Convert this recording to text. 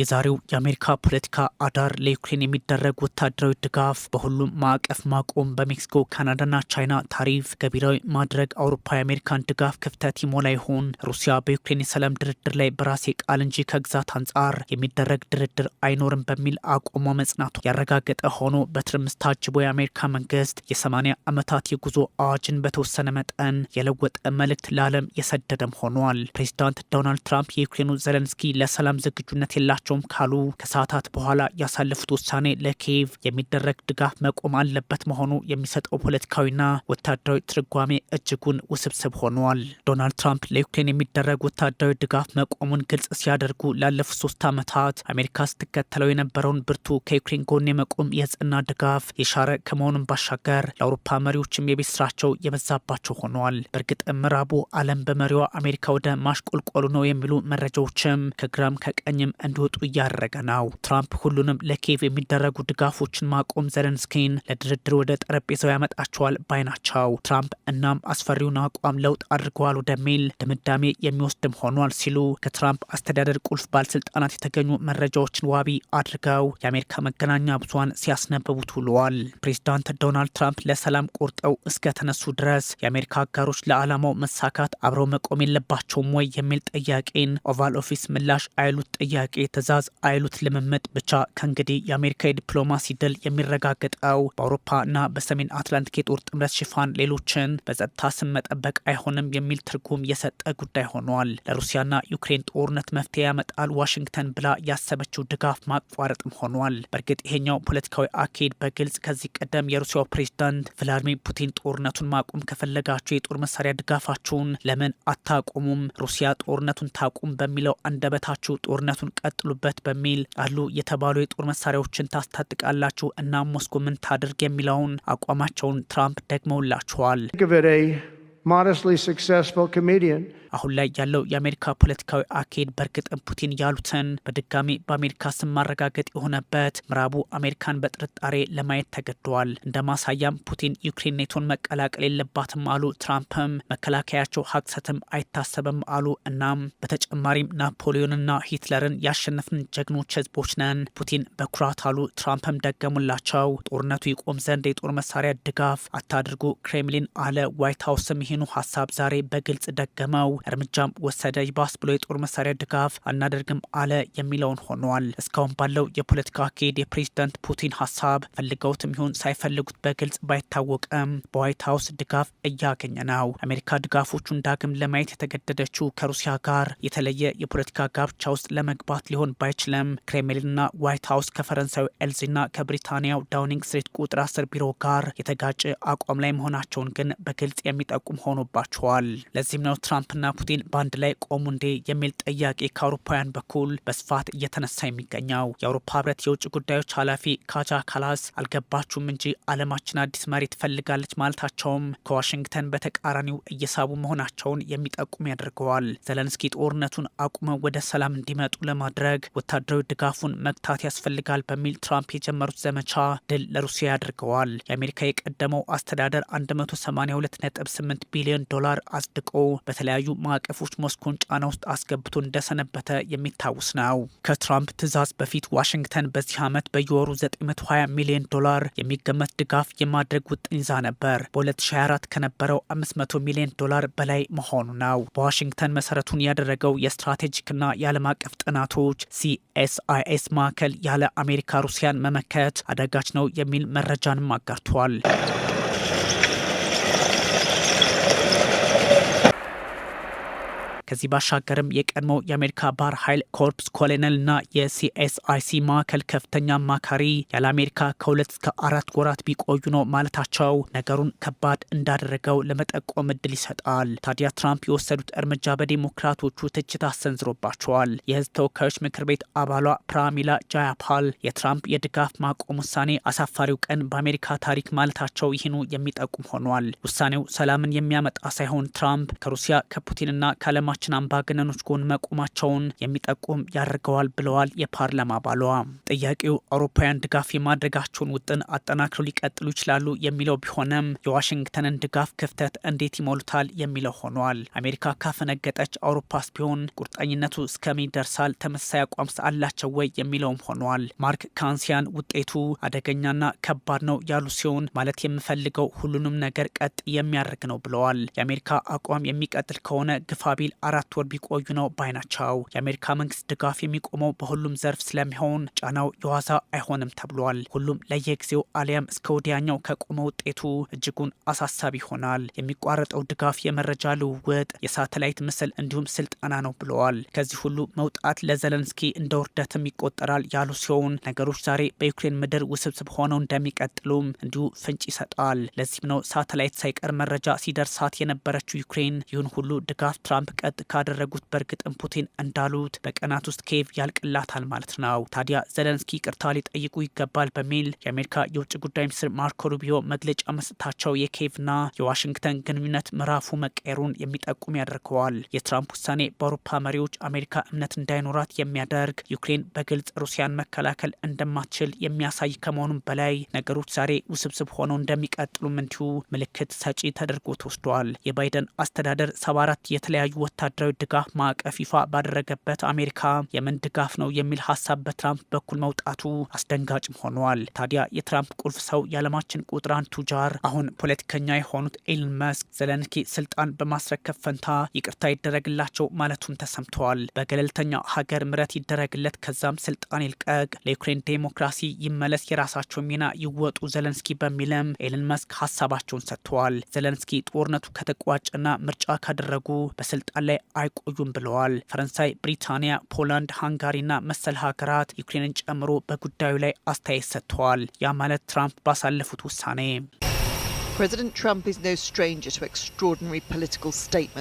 የዛሬው የአሜሪካ ፖለቲካ አዳር ለዩክሬን የሚደረግ ወታደራዊ ድጋፍ በሁሉም ማዕቀፍ ማቆም፣ በሜክሲኮ ካናዳና ቻይና ታሪፍ ገቢራዊ ማድረግ፣ አውሮፓ የአሜሪካን ድጋፍ ክፍተት ይሞላ ይሆን? ሩሲያ በዩክሬን የሰላም ድርድር ላይ በራሴ ቃል እንጂ ከግዛት አንጻር የሚደረግ ድርድር አይኖርም በሚል አቋሟ መጽናቱ ያረጋገጠ ሆኖ በትርምስ ታጅቦ የአሜሪካ መንግስት የ80 ዓመታት የጉዞ አዋጅን በተወሰነ መጠን የለወጠ መልእክት ለዓለም የሰደደም ሆኗል። ፕሬዚዳንት ዶናልድ ትራምፕ የዩክሬኑ ዘለንስኪ ለሰላም ዝግጁነት የላቸው የላቸውም ካሉ ከሰዓታት በኋላ ያሳለፉት ውሳኔ ለኪየቭ የሚደረግ ድጋፍ መቆም አለበት መሆኑ የሚሰጠው ፖለቲካዊና ወታደራዊ ትርጓሜ እጅጉን ውስብስብ ሆኗል። ዶናልድ ትራምፕ ለዩክሬን የሚደረግ ወታደራዊ ድጋፍ መቆሙን ግልጽ ሲያደርጉ ላለፉት ሶስት ዓመታት አሜሪካ ስትከተለው የነበረውን ብርቱ ከዩክሬን ጎን የመቆም የጽና ድጋፍ የሻረ ከመሆኑን ባሻገር ለአውሮፓ መሪዎችም የቤት ስራቸው የበዛባቸው ሆኗል። በእርግጥ ምዕራቡ ዓለም በመሪዋ አሜሪካ ወደ ማሽቆልቆሉ ነው የሚሉ መረጃዎችም ከግራም ከቀኝም እንዲወጡ እንዲወጡ እያደረገ ነው። ትራምፕ ሁሉንም ለኬቭ የሚደረጉ ድጋፎችን ማቆም ዘለንስኪን ለድርድር ወደ ጠረጴዛው ያመጣቸዋል ባይ ናቸው። ትራምፕ እናም አስፈሪውን አቋም ለውጥ አድርገዋል ወደሚል ድምዳሜ የሚወስድም ሆኗል ሲሉ ከትራምፕ አስተዳደር ቁልፍ ባለስልጣናት የተገኙ መረጃዎችን ዋቢ አድርገው የአሜሪካ መገናኛ ብዙን ሲያስነብቡት ውለዋል። ፕሬዚዳንት ዶናልድ ትራምፕ ለሰላም ቆርጠው እስከተነሱ ድረስ የአሜሪካ አጋሮች ለዓላማው መሳካት አብረው መቆም የለባቸውም ወይ የሚል ጥያቄን ኦቫል ኦፊስ ምላሽ አይሉት ጥያቄ አገዛዝ አይሉት ልምምጥ ብቻ ከእንግዲህ የአሜሪካ የዲፕሎማሲ ድል የሚረጋገጠው እና በሰሜን አትላንቲክ የጦር ጥምረት ሽፋን ሌሎችን በጸጥታ ስም መጠበቅ አይሆንም የሚል ትርጉም የሰጠ ጉዳይ ሆኗል። ለሩሲያና ዩክሬን ጦርነት መፍትሄ ያመጣል ዋሽንግተን ብላ ያሰበችው ድጋፍ ማቋረጥም ሆኗል። በእርግጥ ይሄኛው ፖለቲካዊ አካሄድ በግልጽ ከዚህ ቀደም የሩሲያው ፕሬዝዳንት ቭላዲሚር ፑቲን ጦርነቱን ማቆም ከፈለጋችሁ የጦር መሳሪያ ድጋፋችሁን ለምን አታቆሙም? ሩሲያ ጦርነቱን ታቁም በሚለው አንደበታችሁ ጦርነቱን ቀጥሉ አሉበት በሚል አሉ የተባሉ የጦር መሳሪያዎችን ታስታጥቃላችሁ እና ሞስኮ ምን ታድርግ የሚለውን አቋማቸውን ትራምፕ ደግመውላችኋል። አሁን ላይ ያለው የአሜሪካ ፖለቲካዊ አካሄድ በእርግጥም ፑቲን ያሉትን በድጋሚ በአሜሪካ ስም ማረጋገጥ የሆነበት ምዕራቡ አሜሪካን በጥርጣሬ ለማየት ተገደዋል። እንደ ማሳያም ፑቲን ዩክሬን ኔቶን መቀላቀል የለባትም አሉ። ትራምፕም መከላከያቸው ሀቅሰትም አይታሰብም አሉ። እናም በተጨማሪም ናፖሊዮንና ሂትለርን ያሸነፍን ጀግኖች ህዝቦች ነን ፑቲን በኩራት አሉ። ትራምፕም ደገሙላቸው። ጦርነቱ ይቆም ዘንድ የጦር መሳሪያ ድጋፍ አታድርጉ ክሬምሊን አለ። ዋይት ሀውስም ይህኑ ሀሳብ ዛሬ በግልጽ ደገመው። እርምጃም ወሰደ። ይባስ ብሎ የጦር መሳሪያ ድጋፍ አናደርግም አለ የሚለውን ሆኗል። እስካሁን ባለው የፖለቲካ አካሄድ የፕሬዝዳንት ፑቲን ሀሳብ ፈልገውትም ይሁን ሳይፈልጉት በግልጽ ባይታወቅም በዋይት ሀውስ ድጋፍ እያገኘ ነው። አሜሪካ ድጋፎቹን ዳግም ለማየት የተገደደችው ከሩሲያ ጋር የተለየ የፖለቲካ ጋብቻ ውስጥ ለመግባት ሊሆን ባይችልም ክሬምሊንና ዋይት ሀውስ ከፈረንሳዊ ኤልዚና ከብሪታንያው ዳውኒንግ ስትሪት ቁጥር አስር ቢሮ ጋር የተጋጨ አቋም ላይ መሆናቸውን ግን በግልጽ የሚጠቁም ሆኖባቸዋል። ለዚህም ነው ትራምፕና ፑቲን በአንድ ላይ ቆሙ እንዴ የሚል ጥያቄ ከአውሮፓውያን በኩል በስፋት እየተነሳ የሚገኘው። የአውሮፓ ህብረት የውጭ ጉዳዮች ኃላፊ ካጃ ካላስ አልገባችሁም እንጂ አለማችን አዲስ መሪ ትፈልጋለች ማለታቸውም ከዋሽንግተን በተቃራኒው እየሳቡ መሆናቸውን የሚጠቁም ያደርገዋል። ዘለንስኪ ጦርነቱን አቁመው ወደ ሰላም እንዲመጡ ለማድረግ ወታደራዊ ድጋፉን መግታት ያስፈልጋል በሚል ትራምፕ የጀመሩት ዘመቻ ድል ለሩሲያ ያደርገዋል። የአሜሪካ የቀደመው አስተዳደር 182.8 ቢሊዮን ዶላር አጽድቆ በተለያዩ ማዕቀፎች ሞስኮን ጫና ውስጥ አስገብቶ እንደሰነበተ የሚታወስ ነው። ከትራምፕ ትዕዛዝ በፊት ዋሽንግተን በዚህ ዓመት በየወሩ 920 ሚሊዮን ዶላር የሚገመት ድጋፍ የማድረግ ውጥን ይዛ ነበር። በ2024 ከነበረው 500 ሚሊዮን ዶላር በላይ መሆኑ ነው። በዋሽንግተን መሰረቱን ያደረገው የስትራቴጂክና የዓለም አቀፍ ጥናቶች ሲኤስአይኤስ ማዕከል ያለ አሜሪካ ሩሲያን መመከት አዳጋች ነው የሚል መረጃንም አጋርቷል። ከዚህ ባሻገርም የቀድሞው የአሜሪካ ባህር ኃይል ኮርፕስ እና የሲኤስአይሲ ማዕከል ከፍተኛ አማካሪ ያለ አሜሪካ ከሁለት እስከ አራት ወራት ቢቆዩ ነው ማለታቸው ነገሩን ከባድ እንዳደረገው ለመጠቆም እድል ይሰጣል። ታዲያ ትራምፕ የወሰዱት እርምጃ በዴሞክራቶቹ ትችት አሰንዝሮባቸዋል። የህዝብ ተወካዮች ምክር ቤት አባሏ ፕራሚላ ጃያፓል የትራምፕ የድጋፍ ማቆም ውሳኔ አሳፋሪው ቀን በአሜሪካ ታሪክ ማለታቸው ይህኑ የሚጠቁም ሆኗል። ውሳኔው ሰላምን የሚያመጣ ሳይሆን ትራምፕ ከሩሲያ ከፑቲንና ከዓለማ አምባ አምባገነኖች ጎን መቆማቸውን የሚጠቁም ያደርገዋል ብለዋል የፓርላማ ባሏ። ጥያቄው አውሮፓውያን ድጋፍ የማድረጋቸውን ውጥን አጠናክረው ሊቀጥሉ ይችላሉ የሚለው ቢሆንም የዋሽንግተንን ድጋፍ ክፍተት እንዴት ይሞሉታል የሚለው ሆኗል። አሜሪካ ካፈነገጠች አውሮፓስ ቢሆን ቁርጠኝነቱ እስከምን ይደርሳል? ተመሳሳይ አቋምስ አላቸው ወይ የሚለውም ሆኗል። ማርክ ካንሲያን ውጤቱ አደገኛና ከባድ ነው ያሉ ሲሆን ማለት የምፈልገው ሁሉንም ነገር ቀጥ የሚያደርግ ነው ብለዋል። የአሜሪካ አቋም የሚቀጥል ከሆነ ግፋቢል አራት ወር ቢቆዩ ነው ባይ ናቸው። የአሜሪካ መንግስት ድጋፍ የሚቆመው በሁሉም ዘርፍ ስለሚሆን ጫናው የዋዛ አይሆንም ተብሏል። ሁሉም ለየጊዜው አሊያም እስከ ወዲያኛው ከቆመ ውጤቱ እጅጉን አሳሳቢ ይሆናል። የሚቋረጠው ድጋፍ የመረጃ ልውውጥ፣ የሳተላይት ምስል እንዲሁም ስልጠና ነው ብለዋል። ከዚህ ሁሉ መውጣት ለዘለንስኪ እንደ ውርደትም ይቆጠራል ያሉ ሲሆን ነገሮች ዛሬ በዩክሬን ምድር ውስብስብ ሆነው እንደሚቀጥሉም እንዲሁ ፍንጭ ይሰጣል። ለዚህም ነው ሳተላይት ሳይቀር መረጃ ሲደርሳት የነበረችው ዩክሬን ይህን ሁሉ ድጋፍ ትራምፕ ቀ ጸጥ ካደረጉት በእርግጥም ፑቲን እንዳሉት በቀናት ውስጥ ኬቭ ያልቅላታል ማለት ነው። ታዲያ ዘለንስኪ ቅርታ ሊጠይቁ ይገባል በሚል የአሜሪካ የውጭ ጉዳይ ሚኒስትር ማርኮ ሩቢዮ መግለጫ መስጠታቸው የኬቭና የዋሽንግተን ግንኙነት ምዕራፉ መቀየሩን የሚጠቁም ያደርገዋል። የትራምፕ ውሳኔ በአውሮፓ መሪዎች አሜሪካ እምነት እንዳይኖራት የሚያደርግ ዩክሬን በግልጽ ሩሲያን መከላከል እንደማትችል የሚያሳይ ከመሆኑም በላይ ነገሮች ዛሬ ውስብስብ ሆነው እንደሚቀጥሉም እንዲሁ ምልክት ሰጪ ተደርጎ ተወስዷል። የባይደን አስተዳደር ሰባ አራት የተለያዩ ወታ ወታደራዊ ድጋፍ ማዕቀፍ ይፋ ባደረገበት አሜሪካ የምን ድጋፍ ነው የሚል ሀሳብ በትራምፕ በኩል መውጣቱ አስደንጋጭም ሆኗል። ታዲያ የትራምፕ ቁልፍ ሰው የዓለማችን ቁጥር አንድ ቱጃር አሁን ፖለቲከኛ የሆኑት ኤልን መስክ ዘለንስኪ ስልጣን በማስረከብ ፈንታ ይቅርታ ይደረግላቸው ማለቱም ተሰምተዋል። በገለልተኛ ሀገር ምረት ይደረግለት፣ ከዛም ስልጣን ይልቀቅ፣ ለዩክሬን ዴሞክራሲ ይመለስ፣ የራሳቸው ሚና ይወጡ ዘለንስኪ በሚልም ኤልን መስክ ሀሳባቸውን ሰጥተዋል። ዘለንስኪ ጦርነቱ ከተቋጨና ምርጫ ካደረጉ በስልጣን ላይ ላይ አይቆዩም ብለዋል። ፈረንሳይ፣ ብሪታንያ፣ ፖላንድ፣ ሃንጋሪና መሰል ሀገራት ዩክሬንን ጨምሮ በጉዳዩ ላይ አስተያየት ሰጥተዋል። ያ ማለት ትራምፕ ባሳለፉት ውሳኔ ፕሬዚደንት ትራምፕ